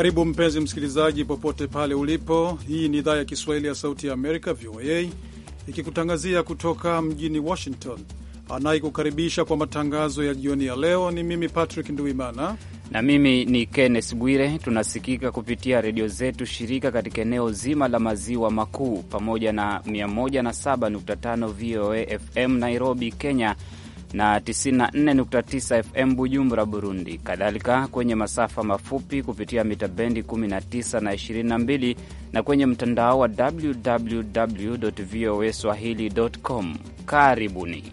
Karibu mpenzi msikilizaji, popote pale ulipo. Hii ni idhaa ya Kiswahili ya Sauti ya Amerika, VOA, ikikutangazia kutoka mjini Washington. Anayekukaribisha kwa matangazo ya jioni ya leo ni mimi Patrick Nduimana na mimi ni Kenneth Bwire. Tunasikika kupitia redio zetu shirika katika eneo zima la maziwa makuu pamoja na 107.5 VOA FM Nairobi, Kenya na 94.9 FM Bujumbura, Burundi, kadhalika kwenye masafa mafupi kupitia mita bendi 19 na 22 na kwenye mtandao wa www voa swahili com. Karibuni.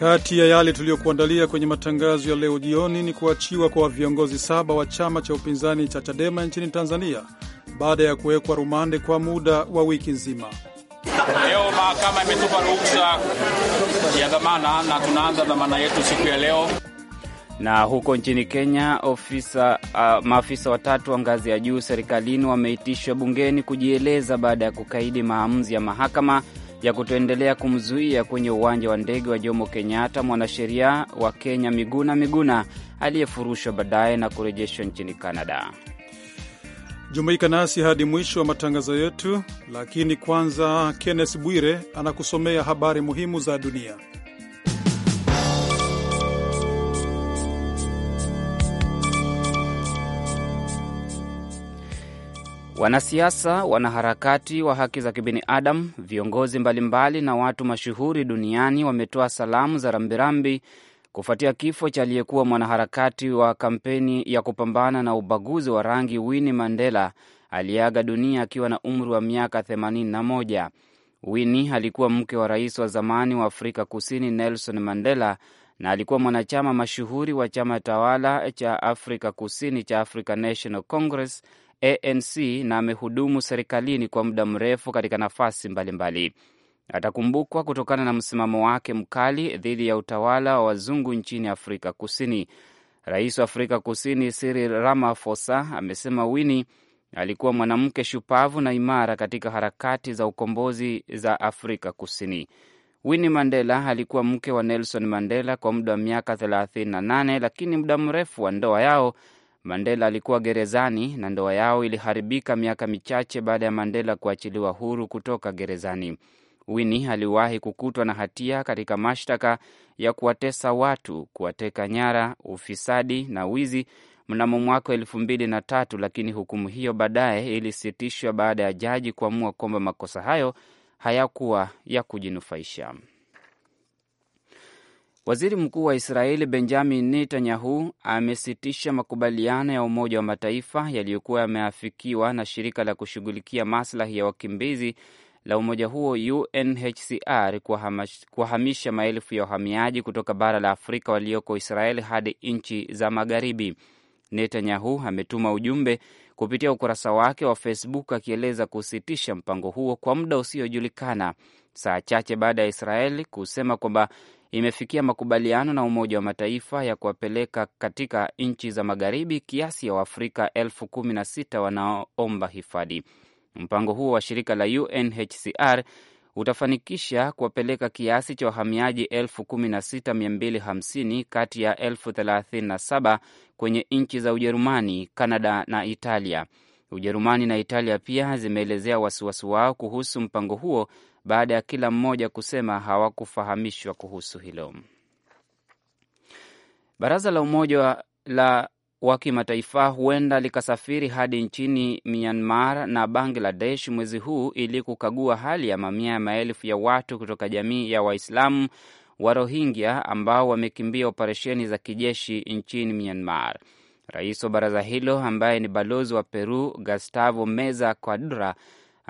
Kati ya yale tuliyokuandalia kwenye matangazo ya leo jioni ni kuachiwa kwa viongozi saba wa chama cha upinzani cha Chadema nchini Tanzania baada ya kuwekwa rumande kwa muda wa wiki nzima. Leo mahakama imetupa ruhusa ya dhamana na tunaanza dhamana yetu siku ya leo. Na huko nchini Kenya, ofisa uh, maafisa watatu wa ngazi ya juu serikalini wameitishwa bungeni kujieleza baada ya kukaidi maamuzi ya mahakama ya kutoendelea kumzuia kwenye uwanja wa ndege wa Jomo Kenyatta mwanasheria wa Kenya Miguna Miguna aliyefurushwa baadaye na kurejeshwa nchini Kanada. Jumuika nasi hadi mwisho wa matangazo yetu, lakini kwanza, Kenneth Bwire anakusomea habari muhimu za dunia. Wanasiasa, wanaharakati wa haki za kibinadamu, viongozi mbalimbali na watu mashuhuri duniani wametoa salamu za rambirambi kufuatia kifo cha aliyekuwa mwanaharakati wa kampeni ya kupambana na ubaguzi wa rangi Winnie Mandela aliyeaga dunia akiwa na umri wa miaka 81. Winnie alikuwa mke wa rais wa zamani wa Afrika Kusini Nelson Mandela na alikuwa mwanachama mashuhuri wa chama tawala cha Afrika Kusini cha African National Congress ANC na amehudumu serikalini kwa muda mrefu katika nafasi mbalimbali. Atakumbukwa kutokana na msimamo wake mkali dhidi ya utawala wa wazungu nchini Afrika Kusini. Rais wa Afrika Kusini Cyril Ramaphosa amesema Winnie alikuwa mwanamke shupavu na imara katika harakati za ukombozi za Afrika Kusini. Winnie Mandela alikuwa mke wa Nelson Mandela kwa muda wa miaka 38 lakini muda mrefu wa ndoa yao Mandela alikuwa gerezani na ndoa yao iliharibika miaka michache baada ya Mandela kuachiliwa huru kutoka gerezani. Winnie aliwahi kukutwa na hatia katika mashtaka ya kuwatesa watu, kuwateka nyara, ufisadi na wizi mnamo mwaka elfu mbili na tatu, lakini hukumu hiyo baadaye ilisitishwa baada ya jaji kuamua kwamba makosa hayo hayakuwa ya kujinufaisha. Waziri Mkuu wa Israeli Benjamin Netanyahu amesitisha makubaliano ya Umoja wa Mataifa yaliyokuwa yameafikiwa na shirika la kushughulikia maslahi ya wakimbizi la umoja huo UNHCR kuwahamisha maelfu ya wahamiaji kutoka bara la Afrika walioko Israeli hadi nchi za magharibi. Netanyahu ametuma ujumbe kupitia ukurasa wake wa Facebook akieleza kusitisha mpango huo kwa muda usiojulikana, saa chache baada ya Israeli kusema kwamba imefikia makubaliano na Umoja wa Mataifa ya kuwapeleka katika nchi za magharibi kiasi ya Waafrika elfu kumi na sita wanaoomba hifadhi. Mpango huo wa shirika la UNHCR utafanikisha kuwapeleka kiasi cha wahamiaji elfu kumi na sita mia mbili hamsini kati ya elfu thelathini na saba kwenye nchi za Ujerumani, Kanada na Italia. Ujerumani na Italia pia zimeelezea wasiwasi wao kuhusu mpango huo baada ya kila mmoja kusema hawakufahamishwa kuhusu hilo. Baraza la Umoja la wa Kimataifa huenda likasafiri hadi nchini Myanmar na Bangladesh mwezi huu ili kukagua hali ya mamia ya maelfu ya watu kutoka jamii ya Waislamu wa Rohingya ambao wamekimbia operesheni za kijeshi nchini Myanmar. Rais wa baraza hilo ambaye ni balozi wa Peru Gustavo Meza Quadra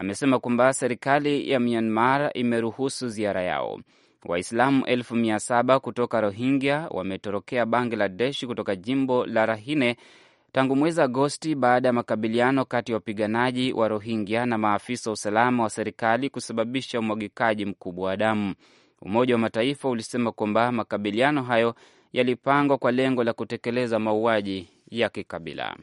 amesema kwamba serikali ya Myanmar imeruhusu ziara yao. Waislamu elfu mia saba kutoka Rohingya wametorokea Bangladesh kutoka jimbo la Rahine tangu mwezi Agosti baada ya makabiliano kati ya wapiganaji wa Rohingya na maafisa wa usalama wa serikali kusababisha umwagikaji mkubwa wa damu. Umoja wa Mataifa ulisema kwamba makabiliano hayo yalipangwa kwa lengo la kutekeleza mauaji ya kikabila.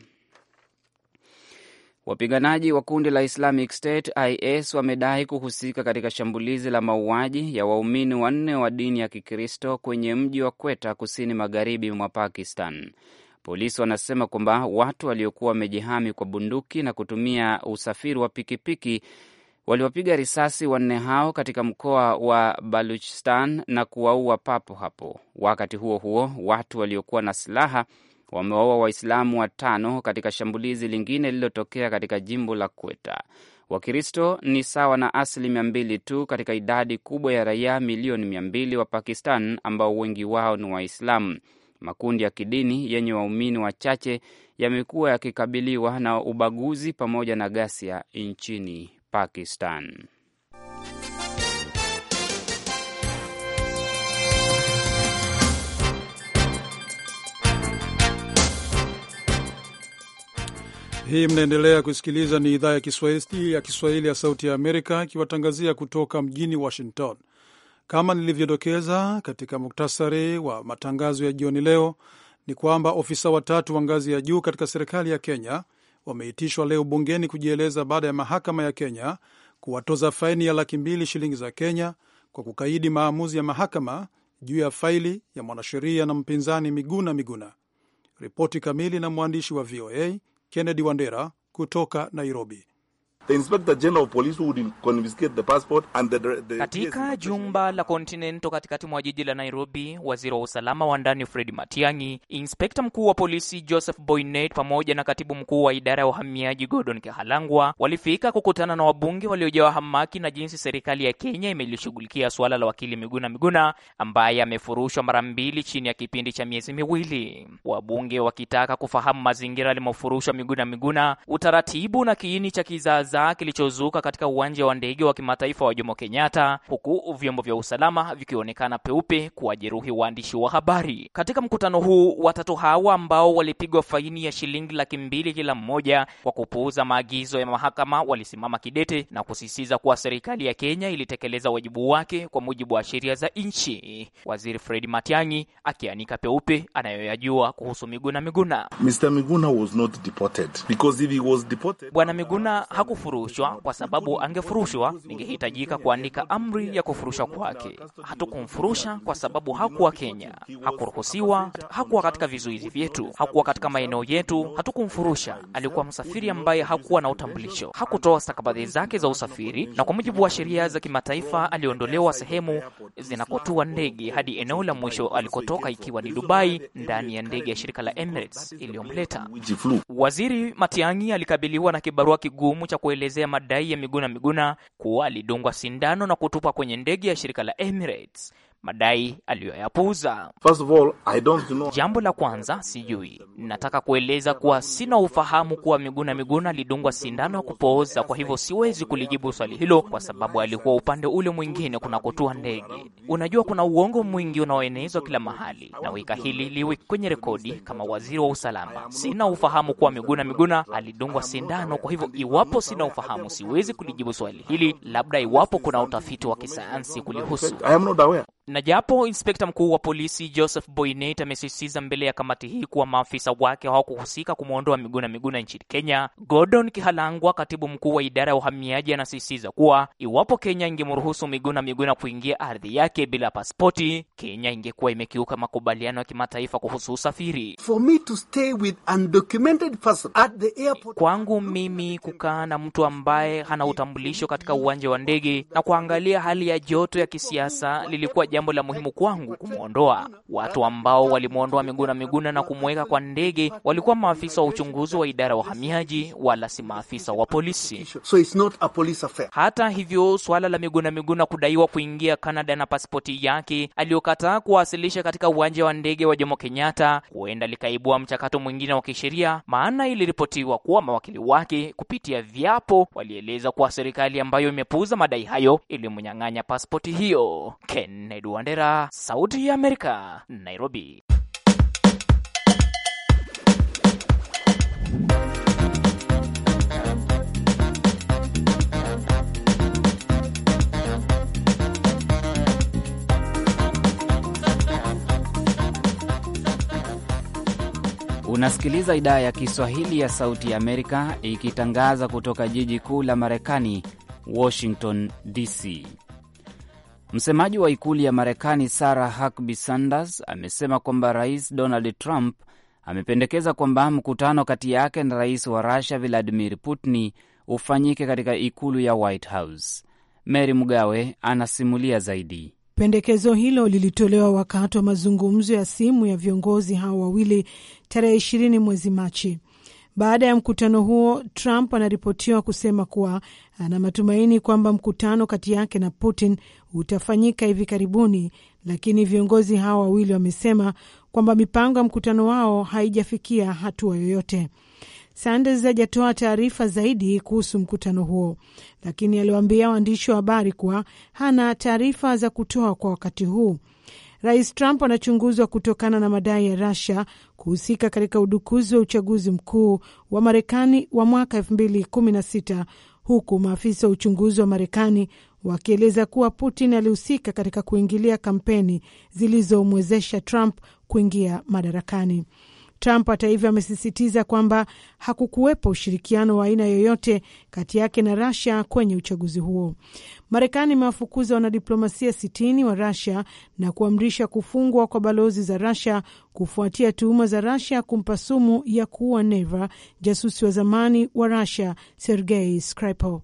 Wapiganaji wa kundi la Islamic State IS wamedai kuhusika katika shambulizi la mauaji ya waumini wanne wa dini ya Kikristo kwenye mji wa Kweta kusini magharibi mwa Pakistan. Polisi wanasema kwamba watu waliokuwa wamejihami kwa bunduki na kutumia usafiri wa pikipiki waliwapiga risasi wanne hao katika mkoa wa Baluchistan na kuwaua papo hapo. Wakati huo huo, watu waliokuwa na silaha wamewaua Waislamu watano katika shambulizi lingine lililotokea katika jimbo la Kweta. Wakristo ni sawa na asili mia mbili tu katika idadi kubwa ya raia milioni mia mbili wa Pakistan ambao wengi wao ni Waislamu. Makundi ya kidini yenye waumini wachache yamekuwa yakikabiliwa na ubaguzi pamoja na ghasia nchini Pakistan. Hii mnaendelea kusikiliza ni idhaa ya Kiswahili ya Kiswahili ya Sauti ya Amerika ikiwatangazia kutoka mjini Washington. Kama nilivyodokeza katika muktasari wa matangazo ya jioni leo, ni kwamba ofisa watatu wa ngazi ya juu katika serikali ya Kenya wameitishwa leo bungeni kujieleza baada ya mahakama ya Kenya kuwatoza faini ya laki mbili shilingi za Kenya kwa kukaidi maamuzi ya mahakama juu ya faili ya mwanasheria na mpinzani Miguna Miguna. Ripoti kamili na mwandishi wa VOA Kennedy Wandera kutoka Nairobi. The Inspector General of Police would confiscate the passport and the, the... Katika jumba la Continental katikati mwa jiji la Nairobi, waziri wa usalama wa ndani Fred Matiang'i, inspekta mkuu wa polisi Joseph Boynet pamoja na katibu mkuu wa idara ya uhamiaji Gordon Kihalangwa walifika kukutana na wabunge waliojawa hamaki na jinsi serikali ya Kenya imelishughulikia suala la wakili Miguna Miguna ambaye amefurushwa mara mbili chini ya kipindi cha miezi miwili, wabunge wakitaka kufahamu mazingira alimofurushwa Miguna Miguna, utaratibu na kiini cha kizazi kisa kilichozuka katika uwanja wa ndege wa kimataifa wa Jomo Kenyatta, huku vyombo vya usalama vikionekana peupe kuwajeruhi waandishi wa habari. Katika mkutano huu, watatu hawa ambao walipigwa faini ya shilingi laki mbili kila mmoja kwa kupuuza maagizo ya mahakama walisimama kidete na kusisitiza kuwa serikali ya Kenya ilitekeleza wajibu wake kwa mujibu wa sheria za nchi. Waziri Fred Matiang'i akianika peupe anayoyajua kuhusu Miguna Miguna. Mr. Miguna was not deported because if he was deported... Bwana Miguna hakufu kufurushwa kwa sababu angefurushwa ningehitajika kuandika amri ya kufurushwa kwake. Hatukumfurusha kwa sababu hakuwa Kenya, hakuruhusiwa, hakuwa katika vizuizi vyetu, hakuwa katika maeneo yetu. Hatukumfurusha, alikuwa msafiri ambaye hakuwa na utambulisho, hakutoa stakabadhi zake za usafiri, na kwa mujibu wa sheria za kimataifa aliondolewa sehemu zinakotua ndege hadi eneo la mwisho alikotoka, ikiwa ni Dubai, ndani ya ndege ya shirika la Emirates iliyomleta. Waziri Matiang'i alikabiliwa na kibarua kigumu cha kwe kuelezea madai ya Miguna Miguna kuwa alidungwa sindano na kutupwa kwenye ndege ya shirika la Emirates madai aliyoyapuuza. Jambo la kwanza, sijui. Nataka kueleza kuwa sina ufahamu kuwa Miguna Miguna alidungwa sindano ya kupooza, kwa hivyo siwezi kulijibu swali hilo kwa sababu alikuwa upande ule mwingine kunakotua ndege. Unajua, kuna uongo mwingi unaoenezwa kila mahali, na wika hili liwe kwenye rekodi. Kama waziri wa usalama, sina ufahamu kuwa Miguna Miguna alidungwa sindano, kwa hivyo iwapo sina ufahamu, siwezi kulijibu swali hili, labda iwapo kuna utafiti wa kisayansi kulihusu. Na japo inspekta mkuu wa polisi Joseph Boynet amesisitiza mbele ya kamati hii kuwa maafisa wake hawakuhusika kumwondoa Miguna Miguna nchini Kenya, Gordon Kihalangwa, katibu mkuu wa idara ya uhamiaji, anasisitiza kuwa iwapo Kenya ingemruhusu Miguna Miguna kuingia ardhi yake bila pasipoti, Kenya ingekuwa imekiuka makubaliano ya kimataifa kuhusu usafiri. For me to stay with undocumented person at the airport, kwangu mimi kukaa na mtu ambaye hana utambulisho katika uwanja wa ndege na kuangalia hali ya joto ya kisiasa lilikuwa jambo la muhimu kwangu kumwondoa. Watu ambao walimwondoa Miguna Miguna na kumweka kwa ndege walikuwa maafisa wa uchunguzi wa idara ya uhamiaji, wala si maafisa wa polisi. So it's not a police affair. Hata hivyo, suala la Miguna Miguna kudaiwa kuingia canada na pasipoti yake aliyokataa kuwasilisha katika uwanja wa ndege wa Jomo Kenyatta huenda likaibua mchakato mwingine wa kisheria, maana iliripotiwa kuwa mawakili wake kupitia viapo walieleza kuwa serikali ambayo imepuuza madai hayo ilimnyang'anya pasipoti hiyo. Kennedy Kennedy Wandera, Sauti ya Amerika, Nairobi. Unasikiliza idhaa ya Kiswahili ya Sauti ya Amerika ikitangaza kutoka jiji kuu la Marekani, Washington DC. Msemaji wa ikulu ya Marekani Sarah Huckabee Sanders amesema kwamba Rais Donald Trump amependekeza kwamba mkutano kati yake na rais wa Rusia Vladimir Putin ufanyike katika ikulu ya White House. Mary Mugawe anasimulia zaidi. Pendekezo hilo lilitolewa wakati wa mazungumzo ya simu ya viongozi hao wawili tarehe ishirini mwezi Machi. Baada ya mkutano huo, Trump anaripotiwa kusema kuwa ana matumaini kwamba mkutano kati yake na Putin utafanyika hivi karibuni, lakini viongozi hawa wawili wamesema kwamba mipango ya mkutano wao haijafikia hatua yoyote. Sanders hajatoa taarifa zaidi kuhusu mkutano huo, lakini aliwaambia waandishi wa habari kuwa hana taarifa za kutoa kwa wakati huu. Rais Trump anachunguzwa kutokana na madai ya Rusia kuhusika katika udukuzi wa uchaguzi mkuu wa Marekani wa mwaka 2016 huku maafisa wa uchunguzi wa Marekani wakieleza kuwa Putin alihusika katika kuingilia kampeni zilizomwezesha Trump kuingia madarakani. Trump hata hivyo amesisitiza kwamba hakukuwepo ushirikiano wa aina yoyote kati yake na Rasia kwenye uchaguzi huo. Marekani imewafukuza wanadiplomasia sitini wa Rasia na kuamrisha kufungwa kwa balozi za Rasia kufuatia tuhuma za Rasia kumpa sumu ya kuua neva jasusi wa zamani wa Rasia Sergei Skripal.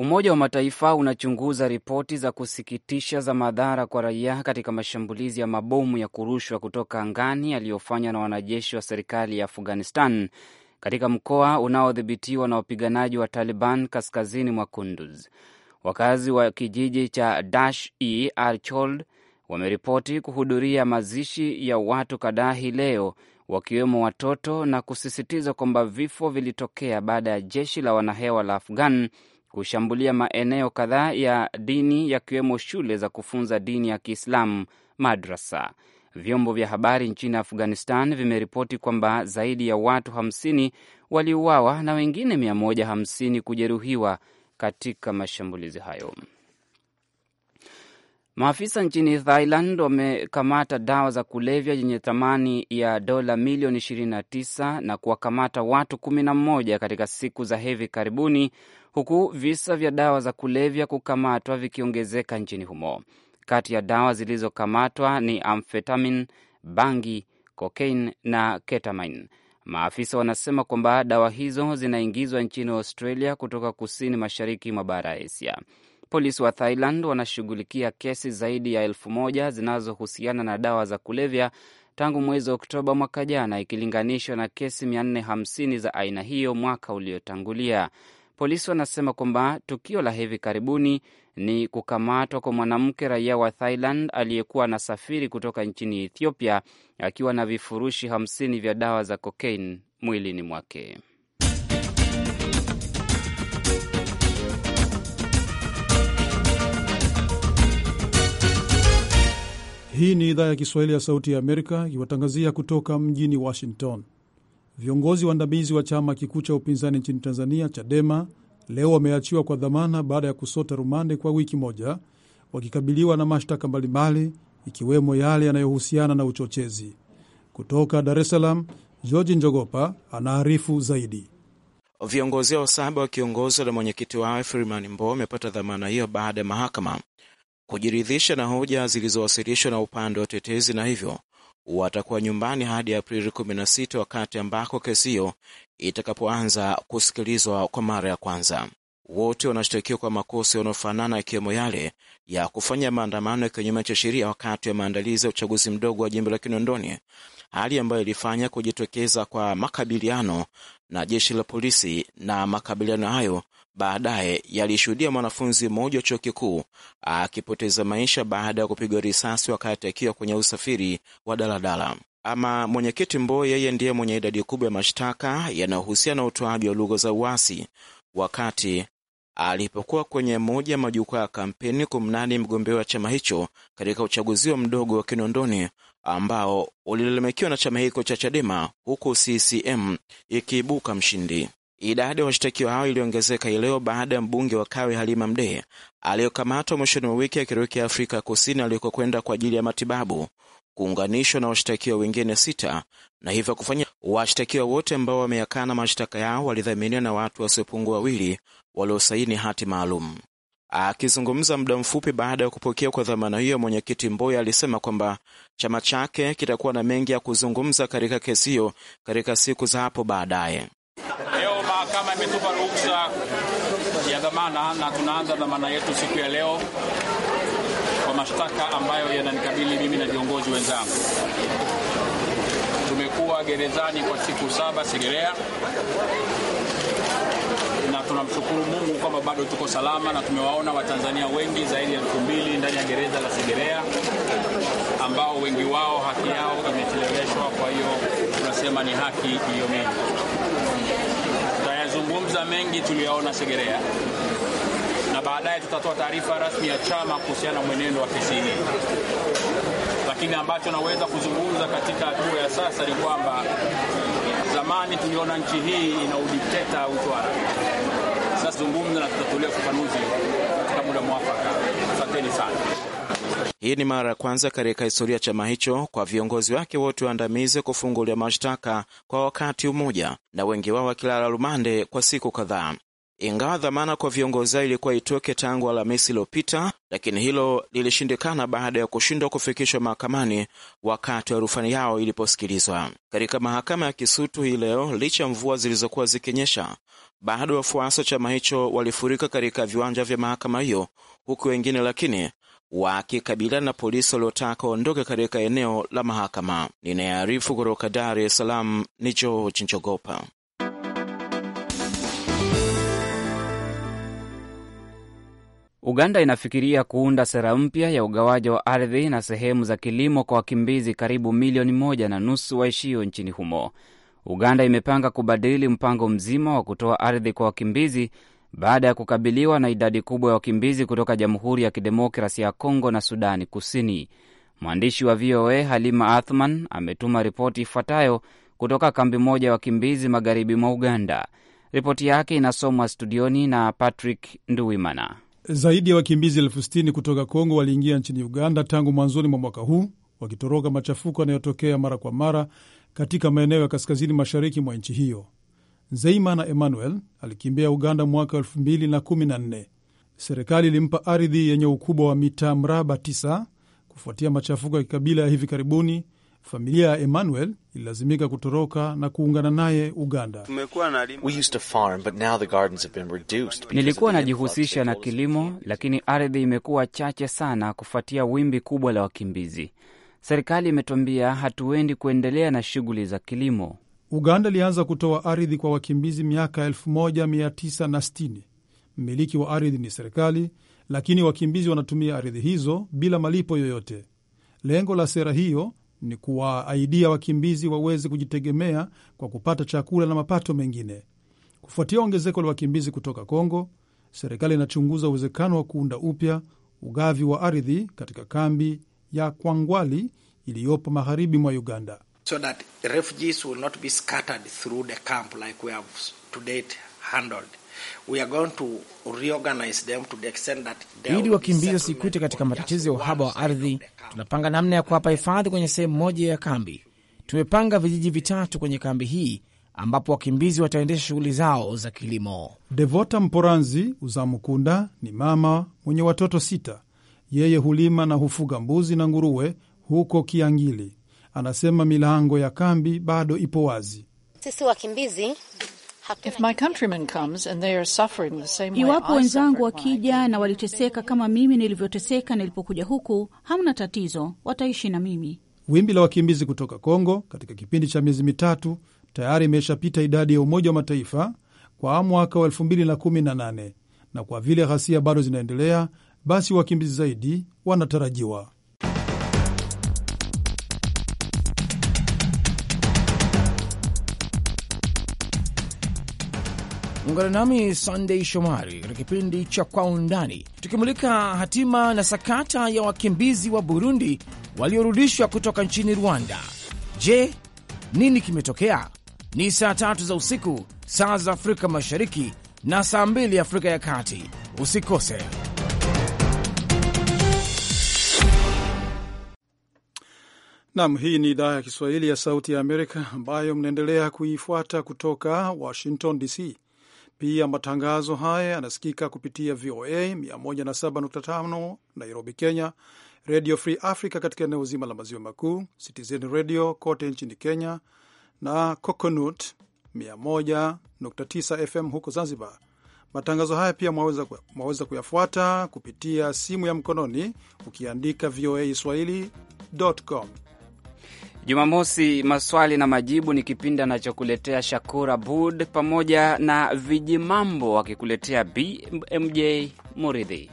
Umoja wa Mataifa unachunguza ripoti za kusikitisha za madhara kwa raia katika mashambulizi ya mabomu ya kurushwa kutoka angani yaliyofanywa na wanajeshi wa serikali ya Afghanistan katika mkoa unaodhibitiwa na wapiganaji wa Taliban kaskazini mwa Kunduz. Wakazi wa kijiji cha Dash e Archold wameripoti kuhudhuria mazishi ya watu kadhaa hii leo wakiwemo watoto na kusisitiza kwamba vifo vilitokea baada ya jeshi la wanahewa la Afghan kushambulia maeneo kadhaa ya dini yakiwemo shule za kufunza dini ya Kiislamu, madrasa. Vyombo vya habari nchini Afghanistan vimeripoti kwamba zaidi ya watu 50 waliuawa na wengine 150 kujeruhiwa katika mashambulizi hayo. Maafisa nchini Thailand wamekamata dawa za kulevya yenye thamani ya dola milioni 29 na kuwakamata watu 11 katika siku za hivi karibuni huku visa vya dawa za kulevya kukamatwa vikiongezeka nchini humo. Kati ya dawa zilizokamatwa ni amfetamin, bangi, kokain na ketamin Maafisa wanasema kwamba dawa hizo zinaingizwa nchini Australia kutoka kusini mashariki mwa bara ya Asia. Polisi wa Thailand wanashughulikia kesi zaidi ya elfu moja zinazohusiana na dawa za kulevya tangu mwezi Oktoba mwaka jana ikilinganishwa na kesi 450 za aina hiyo mwaka uliotangulia. Polisi wanasema kwamba tukio la hivi karibuni ni kukamatwa kwa mwanamke raia wa Thailand aliyekuwa anasafiri kutoka nchini Ethiopia akiwa na vifurushi hamsini vya dawa za kokaini mwilini mwake. Hii ni idhaa ya Kiswahili ya Sauti ya Amerika ikiwatangazia kutoka mjini Washington. Viongozi waandamizi wa chama kikuu cha upinzani nchini Tanzania, Chadema, leo wameachiwa kwa dhamana baada ya kusota rumande kwa wiki moja, wakikabiliwa na mashtaka mbalimbali ikiwemo yale yanayohusiana na uchochezi. Kutoka Dar es Salaam, Georgi Njogopa anaarifu zaidi. Viongozi hao saba wakiongozwa na mwenyekiti wao Freeman Mbowe wamepata dhamana hiyo baada ya mahakama kujiridhisha na hoja zilizowasilishwa na upande wa tetezi na hivyo watakuwa nyumbani hadi Aprili 16 wakati ambako kesi hiyo itakapoanza kusikilizwa kwa mara ya kwanza. Wote wanashtakiwa kwa makosa yanayofanana yakiwemo yale ya kufanya maandamano ya kinyume cha sheria wakati wa maandalizi ya uchaguzi mdogo wa jimbo la Kinondoni, hali ambayo ilifanya kujitokeza kwa makabiliano na jeshi la polisi, na makabiliano hayo baadaye yalishuhudia mwanafunzi mmoja wa chuo kikuu akipoteza maisha baada ya kupigwa risasi wakati akiwa kwenye usafiri wa daladala. Ama mwenyekiti Mbowe, yeye ndiye mwenye idadi kubwa ya mashtaka yanayohusiana na utoaji wa lugha za uasi wakati alipokuwa kwenye moja ya majukwaa ya kampeni kumnadi mgombea wa chama hicho katika uchaguzi wa mdogo wa Kinondoni ambao ulilalamikiwa na chama hicho cha Chadema, huku CCM ikiibuka mshindi. Idadi ya washtakiwa hao iliongezeka ileo baada ya mbunge wa Kawe Halima Mdee aliyokamatwa mwishoni mwa wiki akirokea Afrika Kusini alikokwenda kwa ajili ya matibabu kuunganishwa na washtakiwa wengine sita na hivyo kufanya washtakiwa wote ambao wameyakana mashtaka yao walidhaminiwa na watu wasiopungua wawili waliosaini hati maalum. Akizungumza muda mfupi baada ya kupokea kwa dhamana hiyo, mwenyekiti Mboya alisema kwamba chama chake kitakuwa na mengi ya kuzungumza katika kesi hiyo katika siku za hapo baadaye mahakama imetupa ruhusa ya dhamana na tunaanza dhamana yetu siku ya leo kwa mashtaka ambayo yananikabili mimi na viongozi wenzangu. Tumekuwa gerezani kwa siku saba Segerea, na tunamshukuru Mungu kwamba bado tuko salama na tumewaona Watanzania wengi zaidi ya elfu mbili ndani ya gereza la Segerea ambao wengi wao haki yao imecheleweshwa. Kwa hiyo tunasema ni haki iliyomini tutazungumza mengi tuliyoona Segerea na baadaye tutatoa taarifa rasmi ya chama kuhusiana na mwenendo wa kesi hii, lakini ambacho naweza kuzungumza katika hatua ya sasa ni kwamba zamani tuliona nchi hii ina udikteta utwara. Sasa zungumza na tutatolea ufafanuzi katika muda mwafaka. Asanteni sana. Hii ni mara ya kwanza katika historia ya chama hicho kwa viongozi wake wote waandamizi kufungulia mashtaka kwa wakati mmoja, na wengi wao wakilala rumande kwa siku kadhaa. Ingawa dhamana kwa viongozi hao ilikuwa itoke tangu Alhamisi iliyopita, lakini hilo lilishindikana baada ya kushindwa kufikishwa mahakamani wakati wa rufani yao iliposikilizwa katika mahakama ya Kisutu hii leo. Licha ya mvua zilizokuwa zikinyesha, bado wafuasi wa chama hicho walifurika katika viwanja vya mahakama hiyo, huku wengine lakini wakikabiliana na polisi waliotaka waondoke katika eneo la mahakama. Ninayearifu kutoka Dar es Salaam ni George Njogopa. Uganda inafikiria kuunda sera mpya ya ugawaji wa ardhi na sehemu za kilimo kwa wakimbizi karibu milioni moja na nusu waishio nchini humo. Uganda imepanga kubadili mpango mzima wa kutoa ardhi kwa wakimbizi baada ya kukabiliwa na idadi kubwa ya wakimbizi kutoka Jamhuri ya Kidemokrasia ya Kongo na Sudani Kusini. Mwandishi wa VOA Halima Athman ametuma ripoti ifuatayo kutoka kambi moja ya wakimbizi magharibi mwa Uganda. Ripoti yake inasomwa studioni na Patrick Nduwimana. Zaidi ya wakimbizi elfu sitini kutoka Kongo waliingia nchini Uganda tangu mwanzoni mwa mwaka huu wakitoroka machafuko yanayotokea mara kwa mara katika maeneo ya kaskazini mashariki mwa nchi hiyo. Zeimana Emmanuel alikimbia Uganda mwaka 2014. Serikali ilimpa ardhi yenye ukubwa wa mita mraba 9 kufuatia machafuko ya kikabila ya hivi karibuni. Familia ya Emmanuel ililazimika kutoroka na kuungana naye Uganda. Nilikuwa najihusisha na kilimo, lakini ardhi imekuwa chache sana kufuatia wimbi kubwa la wakimbizi. Serikali imetwambia hatuendi kuendelea na shughuli za kilimo. Uganda ilianza kutoa ardhi kwa wakimbizi miaka 1960. Mmiliki wa ardhi ni serikali, lakini wakimbizi wanatumia ardhi hizo bila malipo yoyote. Lengo la sera hiyo ni kuwaaidia wakimbizi waweze kujitegemea kwa kupata chakula na mapato mengine. Kufuatia ongezeko la wakimbizi kutoka Kongo, serikali inachunguza uwezekano wa kuunda upya ugavi wa ardhi katika kambi ya Kwangwali iliyopo magharibi mwa Uganda so that refugees will not be scattered through the camp like we have to date handled. We are going to reorganize them to the extent that they ili wakimbizi wasikute katika matatizo ya uhaba wa ardhi, tunapanga namna ya kuwapa hifadhi kwenye sehemu moja ya kambi. Tumepanga vijiji vitatu kwenye kambi hii ambapo wakimbizi wataendesha shughuli zao za kilimo. Devota Mporanzi Uzamukunda ni mama mwenye watoto sita. Yeye hulima na hufuga mbuzi na nguruwe huko Kiangili anasema milango ya kambi bado ipo wazi. Sisi wakimbizi Iwapo wenzangu wakija na waliteseka kama mimi nilivyoteseka nilipokuja huku, hamna tatizo, wataishi na mimi. Wimbi la wakimbizi kutoka Kongo katika kipindi cha miezi mitatu tayari imeshapita idadi ya Umoja wa Mataifa kwa mwaka wa 2018 na kwa vile ghasia bado zinaendelea, basi wakimbizi zaidi wanatarajiwa. Ungana nami Sunday Shomari katika kipindi cha Kwa Undani, tukimulika hatima na sakata ya wakimbizi wa Burundi waliorudishwa kutoka nchini Rwanda. Je, nini kimetokea? Ni saa tatu za usiku saa za Afrika Mashariki na saa mbili Afrika ya Kati. Usikose. Nam, hii ni idhaa ya Kiswahili ya Sauti ya Amerika ambayo mnaendelea kuifuata kutoka Washington DC. Pia matangazo haya yanasikika kupitia VOA 107.5 Nairobi, Kenya, Radio Free Africa katika eneo zima la maziwa makuu, Citizen Radio kote nchini Kenya na Coconut 101.9 FM huko Zanzibar. Matangazo haya pia mwaweza, mwaweza kuyafuata kupitia simu ya mkononi ukiandika voa swahili.com. Jumamosi maswali na majibu ni kipindi anachokuletea Shakur Abud pamoja na vijimambo wakikuletea BMJ Muridhi.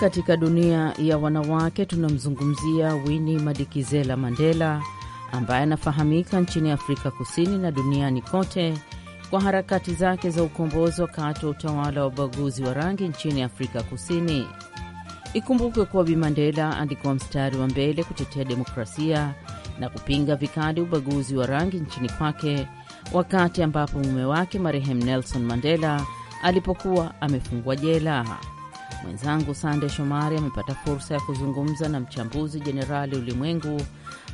katika dunia ya wanawake tunamzungumzia Winnie Madikizela Mandela ambaye anafahamika nchini Afrika Kusini na duniani kote kwa harakati zake za ukombozi wakati wa utawala wa ubaguzi wa rangi nchini Afrika Kusini. Ikumbukwe kuwa Bi Mandela alikuwa mstari wa mbele kutetea demokrasia na kupinga vikali ubaguzi wa rangi nchini kwake, wakati ambapo mume wake marehemu Nelson Mandela alipokuwa amefungwa jela. Mwenzangu Sande Shomari amepata fursa ya kuzungumza na mchambuzi Jenerali Ulimwengu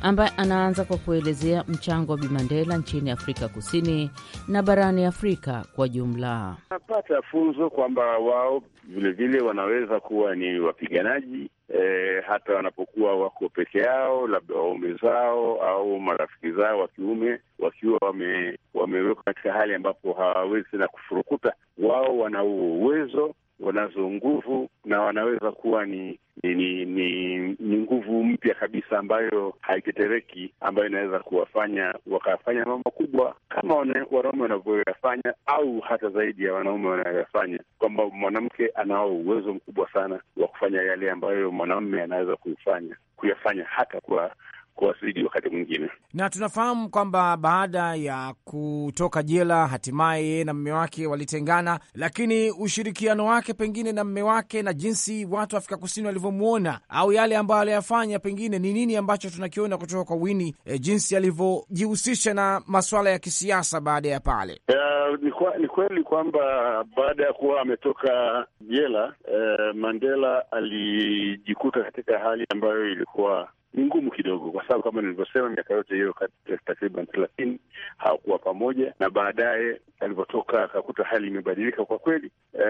ambaye anaanza kwa kuelezea mchango wa bimandela nchini Afrika Kusini na barani Afrika kwa jumla. Napata funzo kwamba wao vilevile wanaweza kuwa ni wapiganaji e, hata wanapokuwa wako peke yao, labda waume zao au marafiki zao wa kiume wakiwa wame, wamewekwa katika hali ambapo hawawezi tena kufurukuta, wao wana uwezo wanazo nguvu na wanaweza kuwa ni ni ni, ni, ni nguvu mpya kabisa ambayo haitetereki, ambayo inaweza kuwafanya wakafanya mambo makubwa kama wanaume wanavyoyafanya au hata zaidi ya wanaume wanayoyafanya, kwamba mwanamke anao uwezo mkubwa sana wa kufanya yale ambayo mwanaume anaweza kuyafanya hata kwa kuwasili wakati mwingine. Na tunafahamu kwamba baada ya kutoka jela hatimaye yeye na mme wake walitengana, lakini ushirikiano wake pengine na mme wake na jinsi watu wa Afrika Kusini walivyomwona au yale ambayo aliyafanya, pengine ni nini ambacho tunakiona kutoka kwa wini e, jinsi alivyojihusisha na maswala ya kisiasa baada ya pale? Uh, ni, kwa, ni kweli kwamba baada ya kuwa ametoka jela uh, Mandela alijikuta katika hali ambayo ilikuwa ni ngumu kidogo, kwa sababu kama nilivyosema, miaka yote hiyo takriban thelathini hawakuwa pamoja, na baadaye alivyotoka akakuta hali imebadilika kwa kweli e,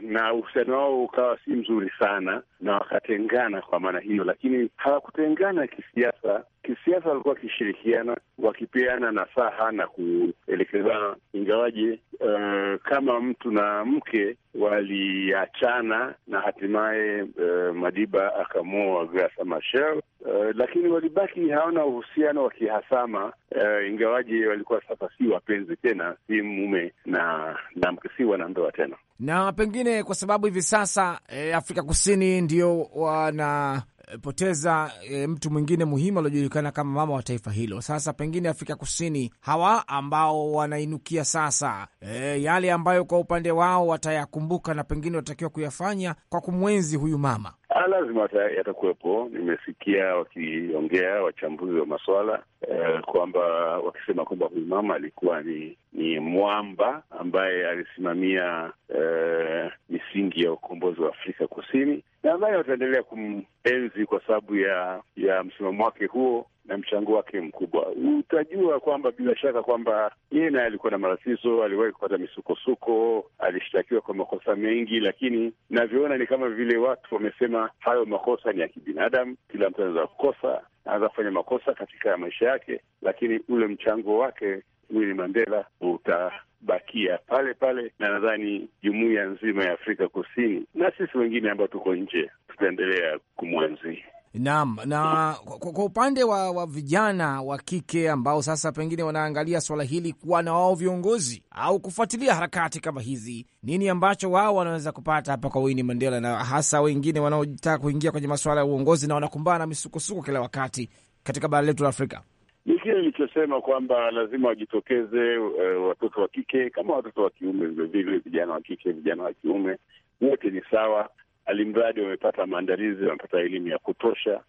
na uhusiano wao ukawa si mzuri sana, na wakatengana kwa maana hiyo, lakini hawakutengana kisiasa. Kisiasa walikuwa wakishirikiana, wakipeana nasaha na kuelekezana, ingawaje e, kama mtu na mke waliachana na hatimaye uh, Madiba akamua Graca Machel uh, lakini walibaki hawana uhusiano wa kihasama uh, ingawaji walikuwa sasa si wapenzi tena, si mume na na mke, si wanandoa tena. Na pengine kwa sababu hivi sasa eh, Afrika Kusini ndio wana Eh, poteza e, mtu mwingine muhimu aliojulikana kama mama wa taifa hilo. Sasa pengine Afrika Kusini hawa ambao wanainukia sasa, e, yale ambayo kwa upande wao watayakumbuka na pengine watakiwa kuyafanya kwa kumwenzi huyu mama Ah, lazima yatakuwepo. Nimesikia wakiongea wachambuzi wa maswala eh, kwamba wakisema kwamba huyu mama alikuwa ni ni mwamba ambaye alisimamia eh, misingi ya ukombozi wa Afrika Kusini. Nadhani wataendelea kumenzi kwa sababu ya ya msimamo wake huo na mchango wake mkubwa. Utajua kwamba bila shaka kwamba yeye naye alikuwa na matatizo, aliwahi kupata misukosuko, alishtakiwa kwa makosa mengi, lakini navyoona ni kama vile watu wamesema hayo makosa ni ya kibinadamu, kila mtu anaweza kukosa, anaweza kufanya makosa katika maisha yake, lakini ule mchango wake Winnie Mandela utabakia pale pale, na nadhani jumuiya nzima ya Afrika Kusini na sisi wengine ambao tuko nje tutaendelea kumwenzi. Naam, na kwa upande wa, wa vijana wa kike ambao sasa pengine wanaangalia swala hili kuwa na wao viongozi au kufuatilia harakati kama hizi, nini ambacho wao wanaweza kupata hapa kwa Winnie Mandela, na hasa wengine wanaotaka kuingia kwenye masuala ya uongozi na wanakumbana na misukosuko kila wakati katika bara letu la Afrika? Ni kile nilichosema kwamba lazima wajitokeze, uh, watoto wa kike kama watoto wa kiume vilevile, vijana wa kike, vijana wa kiume, wote ni sawa alimradi wamepata maandalizi, wamepata elimu ya kutosha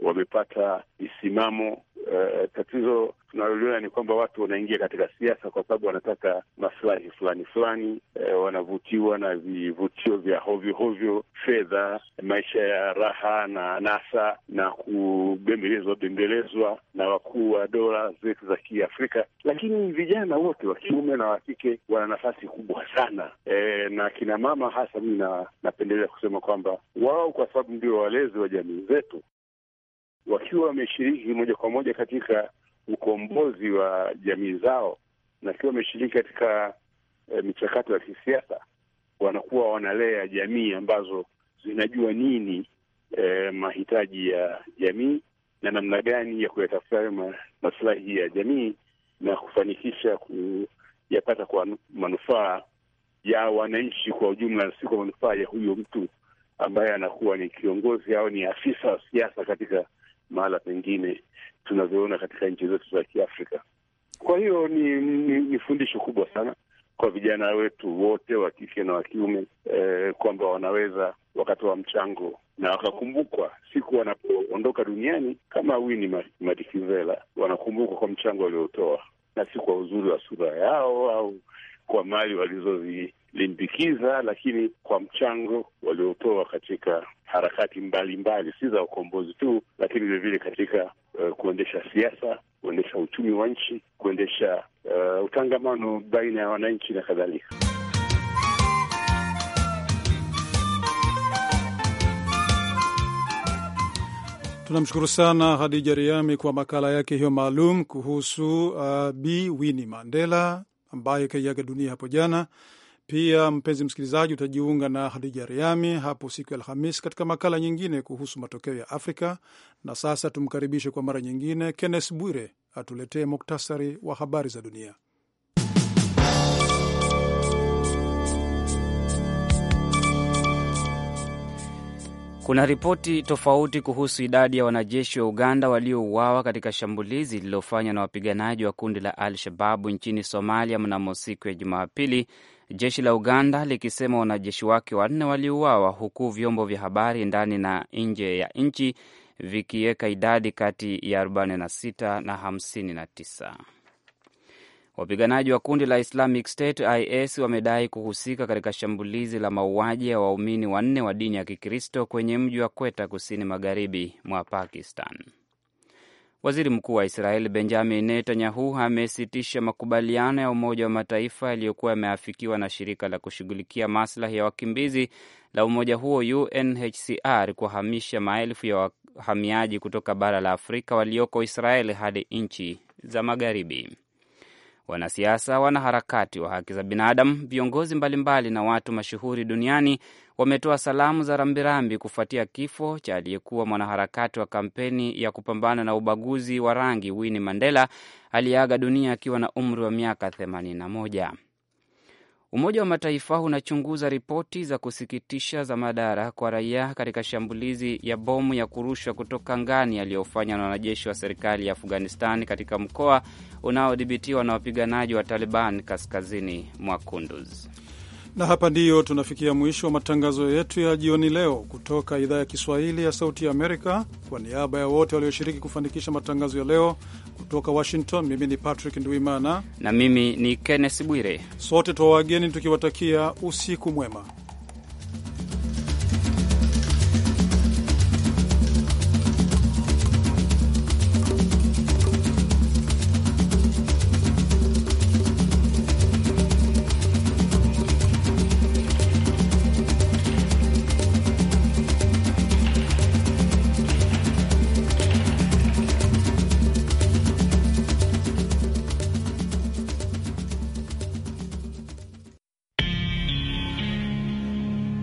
wamepata misimamo. Uh, eh, tatizo tunaloliona ni kwamba watu wanaingia katika siasa kwa sababu wanataka maslahi fulani fulani. Uh, wanavutiwa na vivutio vya hovyohovyo fedha, maisha ya raha na nasa na kubembelezwa bembelezwa na wakuu wa dola zetu za Kiafrika. Lakini vijana wote wa kiume na wa kike wana nafasi kubwa sana, uh, na kina mama hasa, mi napendelea kusema kwamba wao, kwa sababu ndio walezi wa jamii zetu, wakiwa wameshiriki moja kwa moja katika ukombozi wa jamii zao na wakiwa wameshiriki katika e, michakato ya kisiasa, wanakuwa wanalea jamii ambazo zinajua nini e, mahitaji ya jamii na namna gani ya kuyatafuta hayo masilahi ya jamii na kufanikisha kuyapata kwa manufaa ya wananchi kwa ujumla, si kwa manufaa ya huyo mtu ambaye anakuwa ni kiongozi au ni afisa wa siasa katika mahala pengine tunavyoona katika nchi zetu za Kiafrika. Kwa hiyo ni, ni, ni fundisho kubwa sana kwa vijana wetu wote wa kike na wa kiume eh, kwamba wanaweza wakatoa mchango na wakakumbukwa siku wanapoondoka duniani kama Winnie Madikizela, wanakumbukwa kwa mchango waliotoa na si kwa uzuri wa sura yao au kwa mali walizozi lilimbikiza, lakini kwa mchango waliotoa katika harakati mbalimbali, si za ukombozi tu, lakini vilevile katika uh, kuendesha siasa, kuendesha uchumi wa nchi, kuendesha uh, utangamano baina ya wananchi na kadhalika. Tunamshukuru sana Hadija Riami kwa makala yake hiyo maalum kuhusu uh, ah, B Winnie Mandela ambaye kaiaga dunia hapo jana. Pia mpenzi msikilizaji, utajiunga na Hadija Riami hapo siku ya Alhamis katika makala nyingine kuhusu matokeo ya Afrika. Na sasa tumkaribishe kwa mara nyingine Kennes Bwire atuletee muktasari wa habari za dunia. Kuna ripoti tofauti kuhusu idadi ya wanajeshi wa Uganda waliouawa katika shambulizi lililofanywa na wapiganaji wa kundi la Al Shababu nchini Somalia mnamo siku ya Jumapili, jeshi la Uganda likisema wanajeshi wake wanne waliuawa, huku vyombo vya habari ndani na nje ya nchi vikiweka idadi kati ya 46 na 59. Wapiganaji wa kundi la Islamic State IS wamedai kuhusika katika shambulizi la mauaji ya waumini wanne wa dini ya Kikristo kwenye mji wa Kweta kusini magharibi mwa Pakistan. Waziri mkuu wa israel Benjamin Netanyahu amesitisha makubaliano ya Umoja wa Mataifa yaliyokuwa yameafikiwa na shirika la kushughulikia maslahi ya wakimbizi la umoja huo UNHCR kuhamisha maelfu ya wahamiaji kutoka bara la Afrika walioko Israeli hadi nchi za magharibi. Wanasiasa, wanaharakati wa haki za binadamu, viongozi mbalimbali na watu mashuhuri duniani wametoa salamu za rambirambi kufuatia kifo cha aliyekuwa mwanaharakati wa kampeni ya kupambana na ubaguzi wa rangi Winnie Mandela aliyeaga dunia akiwa na umri wa miaka 81. Umoja wa Mataifa unachunguza ripoti za kusikitisha za madhara kwa raia katika shambulizi ya bomu ya kurushwa kutoka ngani yaliyofanywa na wanajeshi wa serikali ya Afghanistan katika mkoa unaodhibitiwa na wapiganaji wa Taliban kaskazini mwa Kunduz. Na hapa ndiyo tunafikia mwisho wa matangazo yetu ya jioni leo kutoka idhaa ya Kiswahili ya Sauti ya Amerika. Kwa niaba ya wote walioshiriki kufanikisha matangazo ya leo kutoka Washington, mimi ni Patrick Ndwimana na mimi ni Kenneth Bwire, sote twa wageni tukiwatakia usiku mwema.